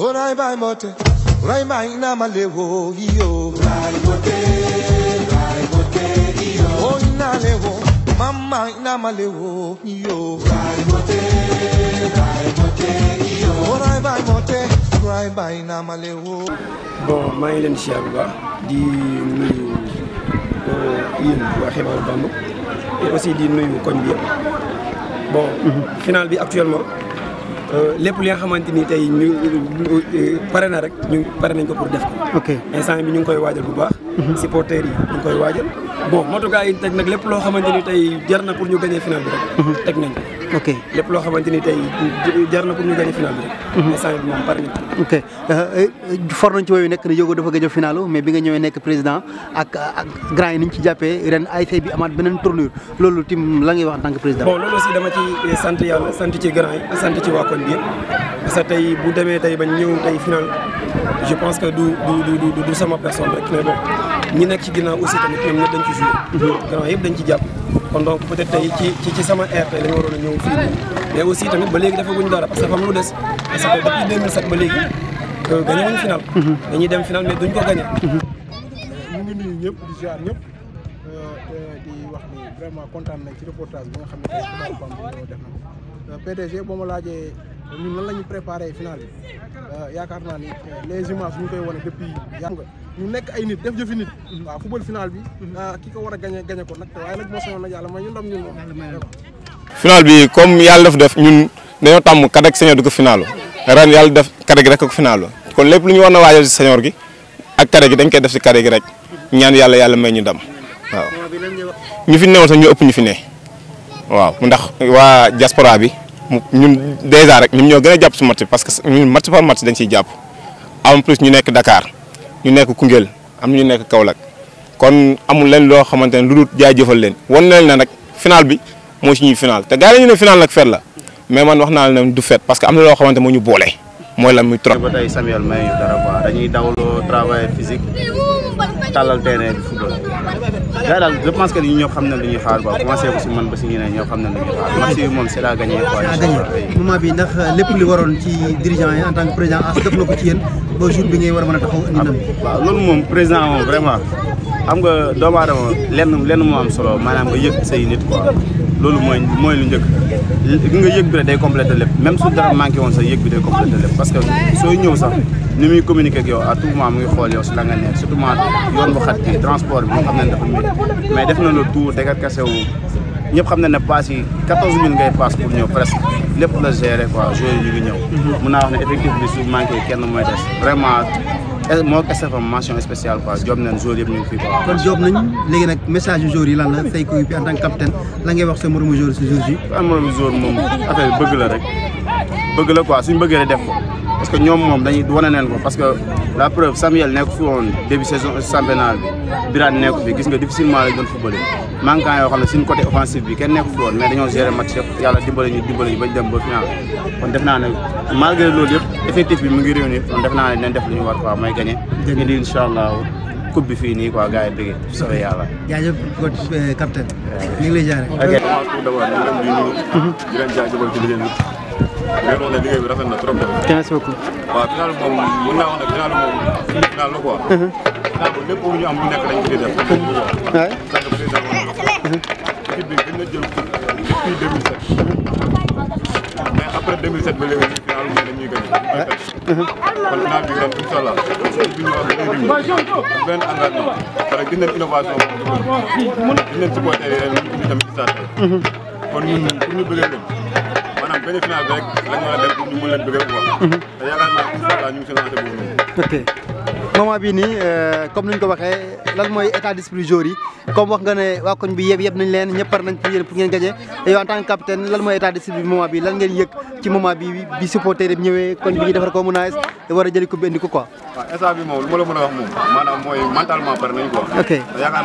Orai bai mote, orai mai na malewo maa ngi leen di siyaar bu baax di nuyu euh, yéen waa Xibaaru Bambouck et aussi di nuyu koñ bi yëpp bon. Mhm. final bi actuellement. Euh, lépp li nga xamante ni tey ñu euh, pare na rek ñu pare nañ ko pour def ko. instant bi ñu ngi koy waajal bu baax. Mhm. supporters yi ñu ngi koy waajal. bon matukaay yi teg nag lépp loo xamante ni tey jar na pour ñu gagné final bi rek. Mhm. teg nañ ko. ok lépp loo xamante ni tey jar na pour ñu gagné final bi rek. Mhm. instant bi moom euh, ci wooyu nekk ne Yogo dafa gëj a mais bi nga ñëwee nekk président ak ak grand yi ni ci jàppee ren ASC bi amaat beneen tournure loolu tim la ngay wax en tant que président. bon loolu aussi dama ci sant yàlla sant ci grand yi sant ci waa koñ bi parce que tey bu demee tey ba ñëw tey final je pense que du du du du sama personne rek mais bon. ñu nekk ci ginnaaw aussi tamit ñoom ñëpp dañ ci joué. Mhm. grand yëpp dañ ci jàpp kon donc peut être tey ci ci sama air tey la ñu waroon a ñëw fii mais aussi tamit ba léegi dafa guñ parce que fam lu des parce que léegi euh, gagné wuñ final. Mhm. dañuy dem final mais duñ ko gagné. Mhm. Euh, ñu ngi nuyu ñëpp di ziar ñëpp euh, di wax ni vraiment kontaan nañ ci reportage bi nga xam ne tey final Bambey na PDG boo ma laajee ñun nan la ñu préparé final bi yaakaar naa ni les images ñu koy wane depuis yàgg nga. ñu nekk ay nit def jëfi mhm. final bi mhm. ah, ki ko war a ko nag waaye nag yàlla may ñu ndam ñun bi comme yàlla daf def ñun dañoo tàmm kadek senior di ko finalu ren yàlla def kadek rek ko kon lépp lu ñu war na waajal si senior gi ak dañ koy def si kadek gi rek ñaan yàlla yàlla may ñu ndam ñu fi newoon sax ñu ëpp ñu fi ne waaw ndax waa diaspora bi ñun dèjà rek ñun ñoo gën a jàpp si match parce que ñun match par match dañ ciy jàpp en plus ñu nekk dakaar ñu nekk Koungheul am ñu nekk Kaolack kon amul leen loo xamante ne lu dul jaajëfal leen wan leen ne nag final bi moo suñuy final te gars yi ñu la mais man wax naa la ne du fet que am na loo mooy lan ñu dara quoi dañuy dawloo daal je pense que ñun ñëpp xam nañ li ñuy xaar quoi commencé ko si man ba si ñeneen ñoo xam nañ li ñuy moom c'est bi ndax lépp waroon ci dirigeant yi en tant que président as def ko ci yéen ba jour bi ngay war a mën a taxaw loolu moom président moom vraiment xam nga doomu aadama lenn lenn moo solo maanaam nga yëg say nit quoi loolu mooy mooy lu njëkk. li nga yëg bi rek day complété lépp même su dara manqué woon sa yëg bi day complété lépp parce que sooy ñëw sax ni muy communiqué ak yow à tout moment mu ngi xool yow si la nga nekk surtout yoon bu xat bi transport bi xam ne dafa métti mais def na le tour décarcassé wu. ñëpp xam na ne paas yi 14000 ngay paas pour ñëw presque lépp la gérer quoi joueurs yi ñu ngi ñëw. Mhm. mun naa wax ne effectif bi su manqué kenn mooy des vraiment moo SFM mention spéciale quoi job nañ joueurs yëpp ñu ngi fii quoi. léegi nag message yu joueurs yi lan la ko bi en tant que ngay wax sa moromu joueur si joueurs moom affaire bi rek bëgg la suñ bëggee def ko. parce que ñoom moom dañuy wane neen ko parce que la preuve Samuel nekk fi woon début saison championnat bi Birane nekk gis nga difficilement lañ doon footballé manquant yoo xam ne suñu côté offensif bi kenn nekk fi woon mais dañoo gérer match yëpp yàlla dimbali ñu dimbali ñu bañ dem ba final kon def naa ne malgré bi mu ngi réunir kon def naa ne war quoi mooy gagné di incha allah coupe bi fii nii quoi gars yi bëgg soobee yàlla. jaajëf coach euh, capitaine. leen wax ne liggéey bi rafet na trop. merci beaucoup. waaw final moom mën naa wax ne final moom final la quoi. Uh-huh. final bu lépp ñu am lu nekk dañu ciy def. waaye. Uh-huh. parce que président uh-huh. équipe bi gën na jël depuis 2007. mais après 2007 ba léegi final bi dañuy gën. kon final bi ren incha allah ñu am benn rythme ak benn engagement. parce que gis nañ innovation boobu. gis nañ supporter yi ren ñu tamit si saa kon ñun pour ñu bëggee leen. dañu final rek la ñu mën a dem ñu mën leen bëgg a wax. Mhm. te yaakaar naa ñu ngi si lancé boobu noonu. moment bii nii euh, comme ni ñu ko waxee lan mooy état d'esprit joueur yi wax nga ne waa koñ bi yëpp yëpp nañ leen ñëpp par nañ pour yéen pour ngeen gagné yow en tant mooy état d'esprit bi bi lan ngeen yëg ci moment bi bi supporter dem ñëwee koñ bi ñu defar ko mën war a jëli ko ko la mën a wax moom maanaam mooy mentalement pare nañ quoi ok yaakaar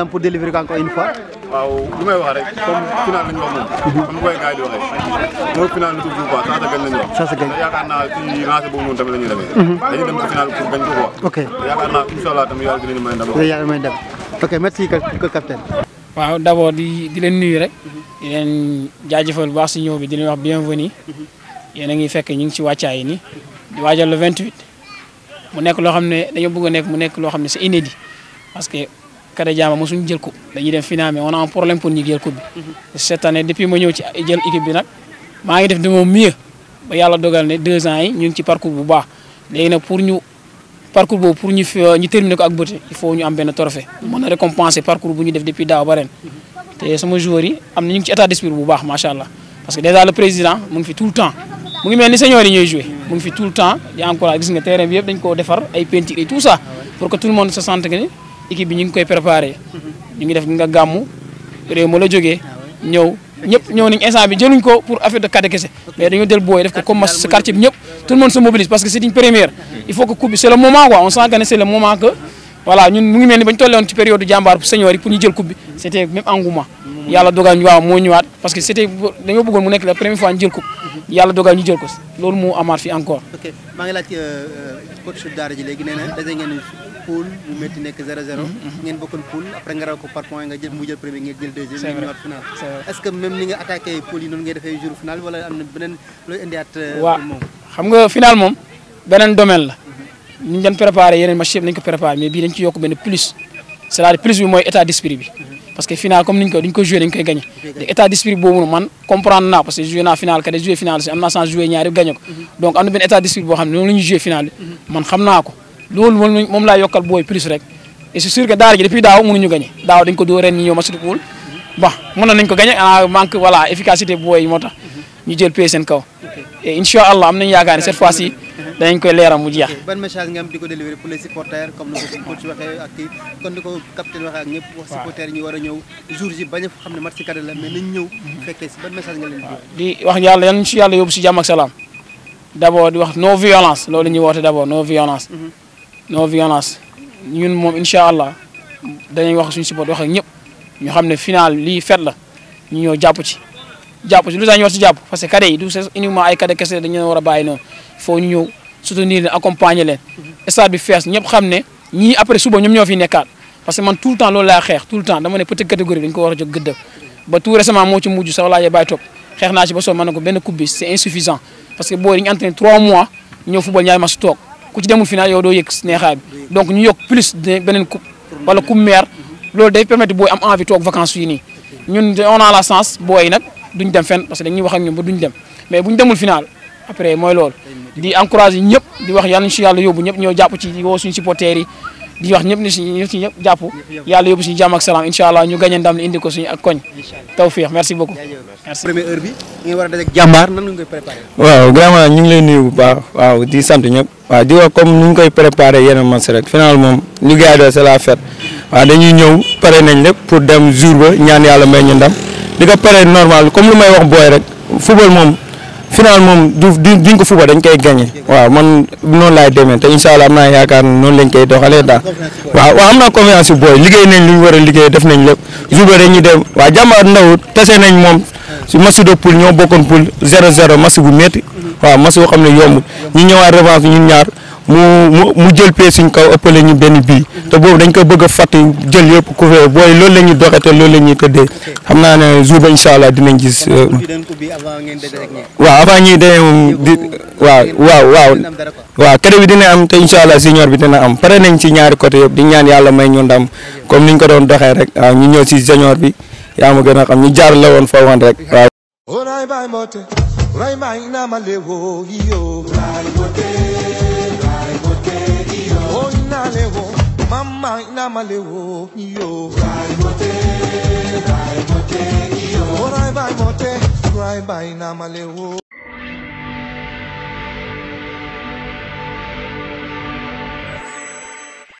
mhm. na waaw li may wax rek comme final lañ wax moom. comme ni koy gars yi di waxee. mooy final bi tout quoi saa sa gañ lañ wax. saa sa gañ te yaakaar naa ci lancé boobu noonu tamit la ñuy demee. Mhm. dañuy dem ci final pour gañ ko quoi. ok te yaakaar naa incha allah tamit yàlla dinañu may ndam. yàlla may ndam ok merci capitaine. waaw d' abord di di leen nuyu rek. di leen jaajëfal bu baax si ñëw bi di leen wax bienvenue. yéen a ngi fekk ñu ngi ci wàccaay yi nii. di waajal le 28. mu nekk loo xam ne dañoo bëgg a nekk mu nekk loo xam ne c'est inédit parce que Kade Diama mosuñu jël coupe dañuy dem final mais a un problème pour ñu jël coupe bi. Mhm. cette année depuis ma ñëw ci jël équipe bi nag maa ngi def de mon mieux ba yàlla dogal ne deux ans yi ñu ci parcours bu baax léegi nag pour ñu parcours boobu pour ñu euh, ñu terminer ko ak beauté il faut ñu am benn trophée mën a récompenser parcours bu ñu def depuis daaw ba ren. Mhm. te sama joueurs am na ci état d'esprit bu baax macha allah parce que déjà le président mu ngi fi tout le temps mu ngi mel fi tout le temps di encourage équipe bi ñu ngi koy préparé ñu ngi def nga gàmmu réew ma la jógee ñëw ñëpp ñëw nañ instant jëluñ ko pour affaire de cadre kese mais dañoo jël booy def ko comme match quartier bi ñëpp tout le monde se parce que c'est une première il faut que coupe bi la première fois ñu jël coupe mhm. yàlla dogal ñu jël loolu moo amaat fi encore. poule mu métti mhm. nekk 0-0. Mhm, mhm. ngeen bokkoon poule après nga jël mu premier ngeen jël deuxième. c'est vrai ñëwaat final na euh, beneen domaine la. ni ñu doon yeneen match yëpp ko préparé mais bii dañ ci yokk benn plus c'est-à-dire plus bi mooy état d'esprit bi. parce que final comme niñ ko diñ ko joué dañ koy gagné te état d'esprit boobu man comprendre naa parce que joué naa final kat joué final si am naa sans joué ñaari gagné ko donc am na benn loolu moom moom laa yokkal booy plus rek et c'est sûr que daara ji depuis daaw mënuñu gagné ko dóor ko gagné ah manque voilà efficacité booy moo tax ñu jël pay seen kaw et am nañu yaakaar ne cette fois ci danañ koy leeral ban message di ko délivrer pour les supporters wax ñu war a ñëw jour a xam ne match di. wax yàlla yan si yàlla yóbbu si jàmm ak salaam d' abord di wax non violence loolu ñuy woote d' abord violence. Mhm. non violence ñun moom incha allah dañuy wax suñu support wax ak ñëpp ñu xam ne final lii fet la ñu ñëw jàpp ci. jàpp parce que cadets yi du uniquement ay cadets kese dañu leen war a bàyyi noonu foo ñu ñëw soutenir leen accompagner leen. bi fees ñëpp après suba ñoom ñoo fi nekkaat parce que man tout le temps loolu laa xeex tout le temps dama ne petite catégorie dañu ba tout récemment moo ci mujj sax laajee bàyyi topp xeex naa ci ba soo mën na ko benn coupe c'est insuffisant parce que boo yi ku ci demul final yow doo yëg neexaay bi donc ñu yokk plus beneen coupe wala coupe maire loolu day permettre booy am envie toog vacances fii nii ñun on a la chance booy nag duñ dem fenn parce que dañuy wax ak ñoom ba duñ dem mais buñ demul final après mooy loolu di encourager ñëpp di wax yàlla ñu si yàlla yóbbu ñëpp ñoo jàpp ci woo suñu supporters di wax ñëpp ni si ñëpp si ñëpp jàpp yàlla yóbbu si jàmm ak salaam incha allah ñu gañe ndam li indi ko suñu ak koñ tawfiix merci beaucoup. a waaw vraiment ñu ngi lay bu baax waaw di sant ñëpp waaw di wax comme ni ñu koy préparé yeneen match rek final moom ñu gars yi c'est la fête waaw dañuy ñëw pare nañ lépp pour dem jour ba ñaan yàlla may ñu ndam di ko pare normal comme lu may wax booy rek football moom final moom du duñ ko fuba dañ koy gagné waaw man noonu laay demee te incha allah am naa yaakaar noonu lañ koy doxalee daal waaw waaw am naa confiance bu booy liggéey nañ lu ñu war a liggéey def nañ lépp jour ba dañuy dem waaw jàmbaar ndaw tase nañ moom si match de poule ñoo bokkoon poule 0-0 match bu métti waaw match boo xam ne yombul ñu ñëwaat revanche ñun ñaar. mu mu mu jël pee suñ kaw ëppale ñu benn bii te boobu dañ ko bëgg a fàtte jël yëpp couvert booy loolu la ñuy te loolu la ñuy tëddee xam naa ne jour ba incha allah dinañ gis. Euh, waaw avant ñuy dee di waaw waaw waaw waaw kër bi dina am te incha allah bi dina am pare nañ ci ñaari côté yëpp di ñaan yàlla may ñu ndam comme ñu ko doon doxee rek waaw ñu ñëw si senior bi yaa ma gën a xam ñu jaar la woon foo woon rek waaw. Urai oh, jaamale woo yoo. Raay Moté Raay Moté yoo. Raay Moté Raay Moté naamale woo.